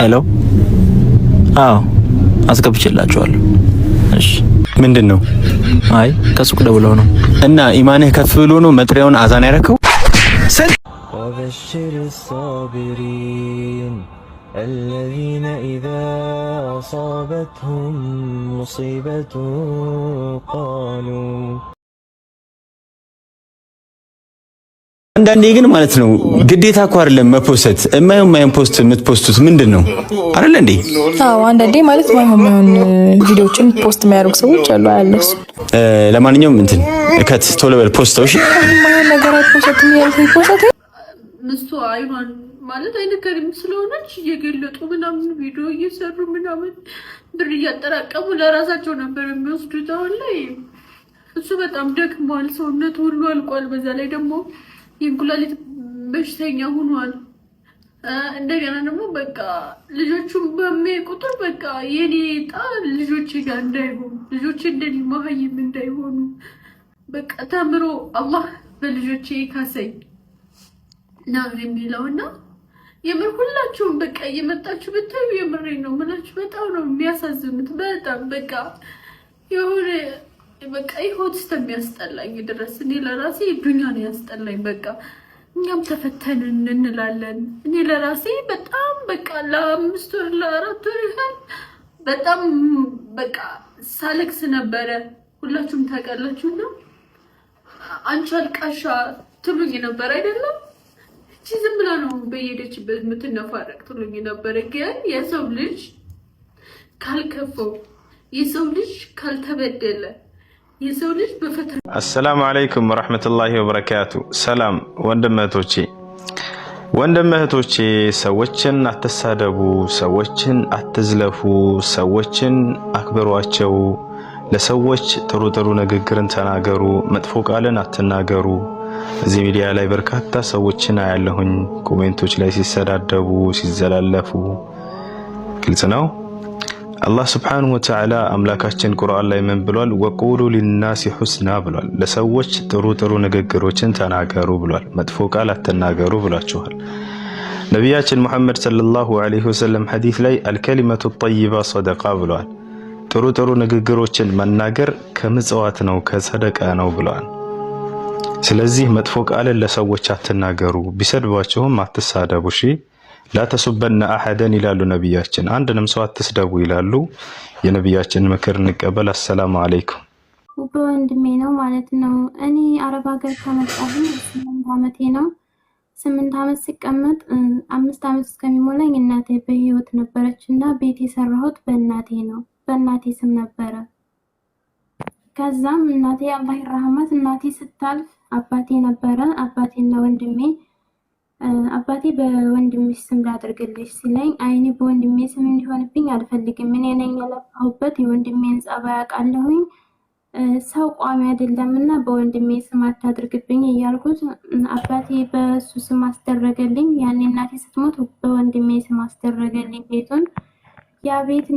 ሄሎ፣ አዎ አስገብቼላችኋለሁ። እሺ፣ ምንድን ነው? አይ ከሱቅ ደውለው ነው እና ኢማንህ ከፍ ብሎ ነው መጥሪያውን አዛን ያደረከው። وبشر الصابرين الذين إذا أصابتهم مصيبة قالوا አንዳንዴ ግን ማለት ነው ግዴታ እኮ አይደለም መፖሰት እማየው ማየን ፖስት የምትፖስቱት ምንድን ነው አይደለ እንዴ? አዎ አንዳንዴ ማለት ማይሆን ቪዲዮዎችን ፖስት የሚያደርጉ ሰዎች አሉ አያለሱ። ለማንኛውም እንትን እከት ቶሎ በል ፖስተው። እሺ ማይሆን ነገር አይፖስት የሚያልፈው ፖስት ምስቱ አይሆን ማለት አይነገርም ስለሆነች እየገለጡ ምናምን ቪዲዮ እየሰሩ ምናምን ብር እያጠራቀሙ ለራሳቸው ነበር የሚወስዱት። አሁን ላይ እሱ በጣም ደክሟል። ሰውነት ሁሉ አልቋል። በዛ ላይ ደግሞ የኩላሊት በሽተኛ ሆኗል። እንደገና ደግሞ በቃ ልጆቹን በሚያይ ቁጥር በቃ የኔ ጣ ልጆቼ ጋር እንዳይሆኑ ልጆቼ እንደኔ መሀይም እንዳይሆኑ በቃ ተምሮ አላህ በልጆቼ ካሰኝ ነው የሚለውና የምር ሁላችሁም በቃ እየመጣችሁ ብታዩ የምሬ ነው ምላችሁ በጣም ነው የሚያሳዝኑት። በጣም በቃ የሆነ በቃ ይሆን እስከሚያስጠላኝ ድረስ እኔ ለራሴ ዱኛ ነው ያስጠላኝ። በቃ እኛም ተፈተንን እንላለን። እኔ ለራሴ በጣም በቃ ለአምስት ወር ለአራት ወር ያህል በጣም በቃ ሳለቅስ ነበረ። ሁላችሁም ታውቃላችሁ። ና አንቺ አልቃሻ ትሉኝ ነበር አይደለም እቺ ዝም ብላ ነው በየሄደችበት የምትነፋረቅ ትሉኝ ነበረ። ግን የሰው ልጅ ካልከፈው የሰው ልጅ ካልተበደለ የሰው ልጅ በፈተና አሰላሙ አለይኩም ወራህመቱላሂ ወበረካቱ። ሰላም ወንድም እህቶቼ ወንድም እህቶቼ፣ ሰዎችን አትሳደቡ፣ ሰዎችን አትዝለፉ፣ ሰዎችን አክብሯቸው። ለሰዎች ጥሩ ጥሩ ንግግርን ተናገሩ፣ መጥፎ ቃልን አትናገሩ። እዚህ ሚዲያ ላይ በርካታ ሰዎችን አያለሁኝ ኮሜንቶች ላይ ሲሰዳደቡ፣ ሲዘላለፉ ግልጽ ነው። አላህ ስብሓነሁ ወተዓላ አምላካችን ቁርአን ላይ ምን ብሏል? ወቁሉ ሊናሲ ሁስና ብሏል። ለሰዎች ጥሩ ጥሩ ንግግሮችን ተናገሩ ብሏል። መጥፎ ቃል አትናገሩ ብሏችኋል። ነቢያችን ሙሐመድ ሰለላሁ ዐለይሂ ወሰለም ሐዲስ ላይ አልከሊመቱ ጠይባ ሰደቃ ብሏል። ጥሩ ጥሩ ንግግሮችን መናገር ከምጽዋት ነው ከሰደቃ ነው ብሏል። ስለዚህ መጥፎ ቃልን ለሰዎች አትናገሩ፣ ቢሰድቧችሁም አትሳደቡ እሺ። ላተሱበና አሐደን ይላሉ ነቢያችን። አንድንም ሰው አትስደቡ ይላሉ። የነቢያችን ምክር እንቀበል። አሰላሙ አለይኩም። ወንድሜ ነው ማለት ነው። እኔ አረብ ሀገር ከመጣሁ ስምንት ዓመቴ ነው። ስምንት ዓመት ሲቀመጥ አምስት ዓመት እስከሚሞላኝ እናቴ በህይወት ነበረች እና ቤት የሰራሁት በእናቴ ነው፣ በእናቴ ስም ነበረ። ከዛም እናቴ አላህ ይርሐማት እናቴ ስታልፍ አባቴ ነበረ አባቴና ወንድሜ አባቴ በወንድሜ ስም ላድርግልሽ ሲለኝ አይኔ በወንድሜ ስም እንዲሆንብኝ አልፈልግም። እኔ ነኝ የለፋሁበት የወንድሜን ጸባይ አውቃለሁኝ። ሰው ቋሚ አይደለም እና በወንድሜ ስም አታድርግብኝ እያልኩት አባቴ በእሱ ስም አስደረገልኝ። ያኔ እናቴ ስትሞት በወንድሜ ስም አስደረገልኝ ቤቱን። ያ ቤት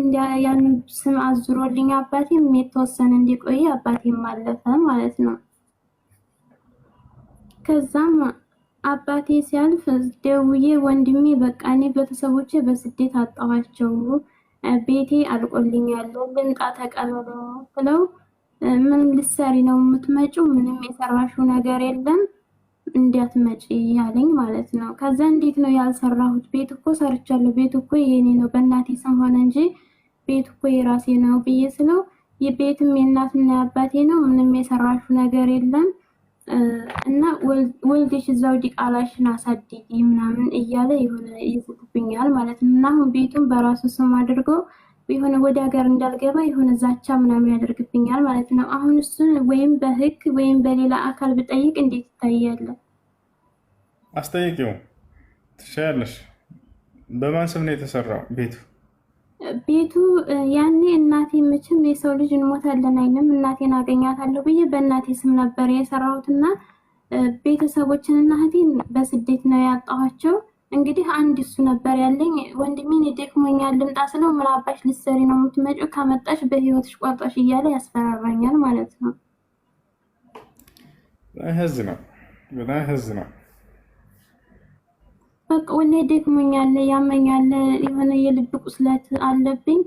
ያን ስም አዙሮልኝ አባቴም የተወሰነ እንዲቆይ አባቴም አለፈ ማለት ነው። ከዛም አባቴ ሲያልፍ ደውዬ ወንድሜ በቃ እኔ ቤተሰቦቼ በስደት አጣኋቸው፣ ቤቴ አልቆልኛል፣ ልምጣ ተቀበለኝ ብለው ምን ልሰሪ ነው የምትመጪው? ምንም የሰራሽው ነገር የለም መጪ ያለኝ ማለት ነው። ከዛ እንዴት ነው ያልሰራሁት? ቤት እኮ ሰርቻለሁ፣ ቤት እኮ የኔ ነው፣ በእናቴ ስም ሆነ እንጂ ቤት እኮ የራሴ ነው ብዬ ስለው ቤትም የእናትና የአባቴ ነው፣ ምንም የሰራሹ ነገር የለም እና ወልድሽ እዛው ዲቃላሽን አሳድጊ ምናምን እያለ የሆነ ይዝግብኛል ማለት ነው። እና አሁን ቤቱን በራሱ ስም አድርጎ የሆነ ወደ ሀገር እንዳልገባ የሆነ ዛቻ ምናምን ያደርግብኛል ማለት ነው። አሁን እሱን ወይም በህግ ወይም በሌላ አካል ብጠይቅ እንዴት ይታያለ? አስጠይቂው ትሻያለሽ። በማን ስም ነው የተሰራው ቤቱ? ቤቱ ያኔ እናቴ መቼም የሰው ልጅ እንሞታለን አይልም፣ እናቴን አገኛታለሁ ብዬ በእናቴ ስም ነበር የሰራሁትና ቤተሰቦችንና እህቴን በስደት ነው ያጣኋቸው። እንግዲህ አንድ እሱ ነበር ያለኝ። ወንድሜን ደክሞኛል ልምጣ ስለው ምን አባሽ ልትሰሪ ነው የምትመጪው? ከመጣሽ በህይወትሽ ቆርጦሽ እያለ ያስፈራራኛል ማለት ነው። ህዝ ነው በጣም ህዝ ነው በቃ ወላሂ ደክሞኛል፣ ያመኛል፣ የሆነ የልብ ቁስለት አለብኝ።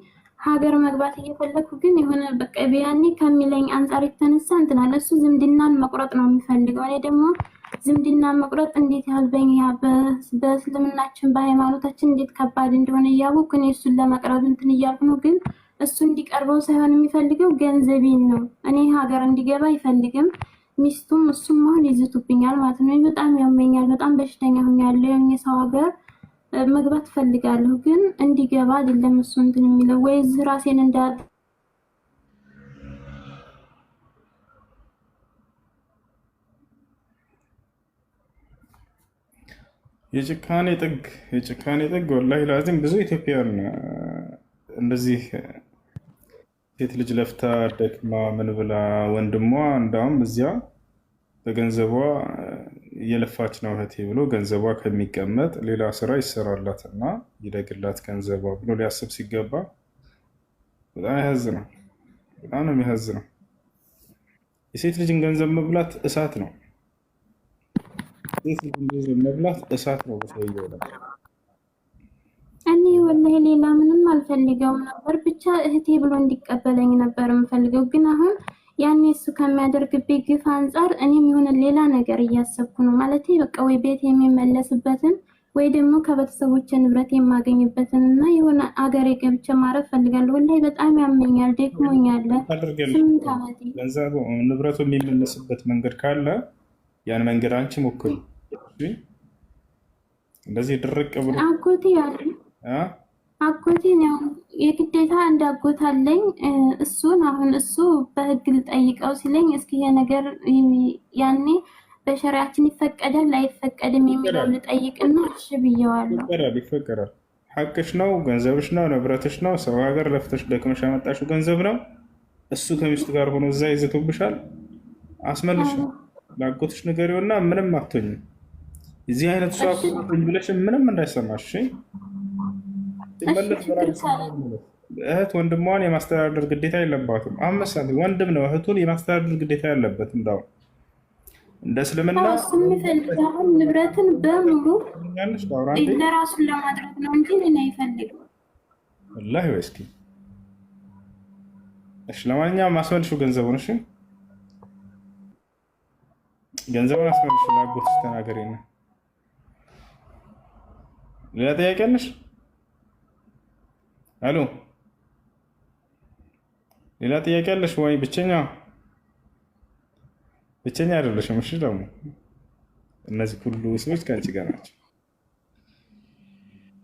ሀገር መግባት እየፈለግኩ ግን የሆነ በቃ ቢያኔ ከሚለኝ አንጻር የተነሳ እንትናል እሱ ዝምድናን መቁረጥ ነው የሚፈልገው። እኔ ደግሞ ዝምድናን መቁረጥ እንዴት ያህል በኛ በእስልምናችን በሃይማኖታችን እንዴት ከባድ እንደሆነ እያወኩ እኔ እሱን ለመቅረብ እንትን እያልኩ ነው። ግን እሱ እንዲቀርበው ሳይሆን የሚፈልገው ገንዘቤን ነው። እኔ ሀገር እንዲገባ አይፈልግም። ሚስቱም እሱም መሆን ይዝቱብኛል ማለት ነው። በጣም ያመኛል። በጣም በሽተኛ ሆኛለሁ። የኔ ሰው ሀገር መግባት ፈልጋለሁ፣ ግን እንዲገባ አይደለም እሱ እንትን የሚለው ወይ እዚህ ራሴን እንዳ የጭካኔ ጥግ የጭካኔ ጥግ ወላሂ ላዚም ብዙ ኢትዮጵያን እንደዚህ ሴት ልጅ ለፍታ ደክማ ምን ብላ ወንድሟ እንዳውም እዚያ በገንዘቧ እየለፋች ነው እህቴ ብሎ ገንዘቧ ከሚቀመጥ ሌላ ስራ ይሰራላትና ይደግላት ገንዘቧ ብሎ ሊያስብ ሲገባ በጣም ነው። በጣም ነው ነው። የሴት ልጅን ገንዘብ መብላት እሳት ነው። ሴት ልጅን ገንዘብ መብላት እሳት ነው በሰውየው ወላሂ ሌላ ምንም አልፈልገውም ነበር፣ ብቻ እህቴ ብሎ እንዲቀበለኝ ነበር የምፈልገው። ግን አሁን ያኔ እሱ ከሚያደርግብኝ ግፍ አንጻር እኔም የሆነ ሌላ ነገር እያሰብኩ ነው። ማለቴ በቃ ወይ ቤት የሚመለስበትን ወይ ደግሞ ከቤተሰቦቼ ንብረት የማገኝበትን እና የሆነ አገር ገብቼ ማረፍ ፈልጋለሁ። ወላሂ በጣም ያመኛል፣ ደክሞኛል። ስምንት ገንዘቡ ንብረቱ የሚመለስበት መንገድ ካለ ያን መንገድ አንቺ ሞክሩ። እንደዚህ ድርቅ ብሎ አጎቴ ያለ አጎቴን ያው የግዴታ አንድ አጎት አለኝ። እሱን አሁን እሱ በህግ ልጠይቀው ሲለኝ እስኪ ነገር ያኔ በሸሪያችን ይፈቀዳል አይፈቀድም የሚለው ልጠይቅና እሺ ብየዋለሁ። ይፈቀዳል ይፈቀዳል። ሐቅሽ ነው፣ ገንዘብሽ ነው፣ ንብረትሽ ነው። ሰው ሀገር ለፍተሽ ደክመሽ ያመጣሽው ገንዘብ ነው። እሱ ከሚስቱ ጋር ሆኖ እዛ ይዘቶብሻል። አስመልሽ ለአጎትሽ ንገሪውና ምንም አትሆኝም። እዚህ አይነት ሰው ብለሽ ምንም እንዳይሰማሽ ሲመለስ እህት ወንድሟን የማስተዳደር ግዴታ የለባትም። አመሳ ወንድም ነው እህቱን የማስተዳደር ግዴታ ያለበት እንዳውም እንደ እስልምና የሚፈልገውን ንብረትን በሙሉ ለራሱን ለማድረግ ነው እንጂ ምን አይፈልግም። ላ ወይ እስኪ እሺ፣ ለማንኛውም አስመልሹ ገንዘቡን። እሺ፣ ገንዘቡን አስመልሹ። ላጎት ተናገሬ ነው። ሌላ ጥያቄ ነሽ? አሉ። ሌላ ጥያቄ አለሽ ወይ? ብቸኛ ብቸኛ አይደለሽም። እሺ ደግሞ እነዚህ ሁሉ ሰዎች ከአንቺ ጋር ናቸው።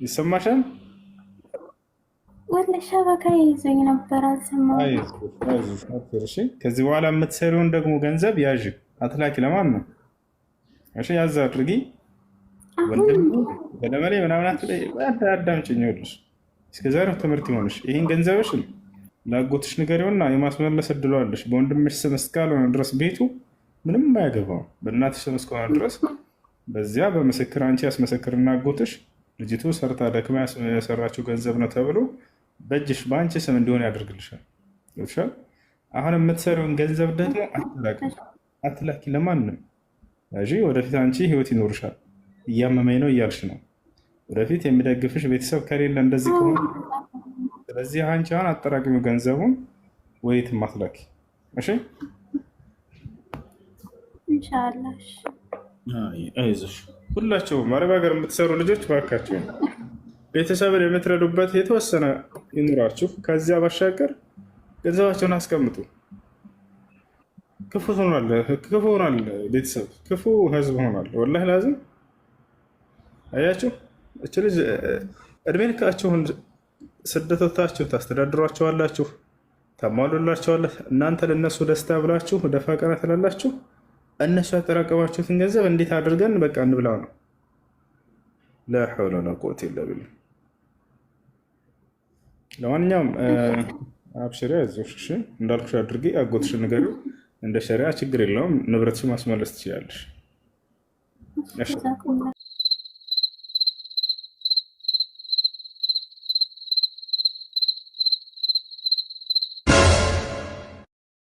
ይሰማሻል? ወለሻ ይዞኝ ነበር አልሰማሁም። ከዚህ በኋላ የምትሰሪውን ደግሞ ገንዘብ ያዥ፣ አትላኪ ለማን ነው? እሺ ያዝ አድርጊ። ወንድም በለመሌ ምናምን አዳምጪኝ ይኸውልሽ እስከዛሬው ትምህርት ይሆንሽ። ይህን ገንዘብሽን ለአጎትሽ ንገሪውና የማስመለስ እድሉ አለሽ። በወንድምሽ ስም እስካልሆነ ድረስ ቤቱ ምንም አያገባው። በእናትሽ ስም እስከሆነ ድረስ በዚያ በምስክር አንቺ ያስመሰክርና አጎትሽ ልጅቱ ሰርታ ደክማ የሰራችው ገንዘብ ነው ተብሎ በእጅሽ በአንቺ ስም እንዲሆን ያደርግልሻል። ይሻል አሁን የምትሰሪውን ገንዘብ ደግሞ አትላኪ አትላኪ ለማንም። ወደፊት አንቺ ህይወት ይኖርሻል። እያመመኝ ነው እያልሽ ነው ወደፊት የሚደግፍሽ ቤተሰብ ከሌለ እንደዚህ ከሆነ ስለዚህ አንቺ አሁን አጠራቅሚው ገንዘቡን ወይት ማትላኪ እሺ፣ ኢንሻአላህ አረብ ሀገር የምትሰሩ ልጆች ባካቸው ቤተሰብን የምትረዱበት የተወሰነ ይኑራችሁ። ከዚያ ባሻገር ገንዘባቸውን አስቀምጡ። ክፉ ሆኗል፣ ክፉ ሆኗል፣ ቤተሰብ ክፉ ህዝብ ሆኗል። ወላህ ላዝም አያችሁ እች ልጅ እድሜ ልካችሁን ስደተታችሁ ታስተዳድሯቸዋላችሁ፣ ታሟሉላቸዋላችሁ። እናንተ ለእነሱ ደስታ ብላችሁ ደፋ ቀና ትላላችሁ። እነሱ ያጠራቀማችሁትን ገንዘብ እንዴት አድርገን በቃ እንብላው ነው። ላ ሐውለ ወላ ኢላ ቢላህ። ለማንኛውም አብሽሪያ አይዞሽ፣ እንዳልኩሽ አድርጊ፣ አጎትሽ ንገሪው። እንደ ሸሪያ ችግር የለውም። ንብረትሽ ማስመለስ ትችላለሽ።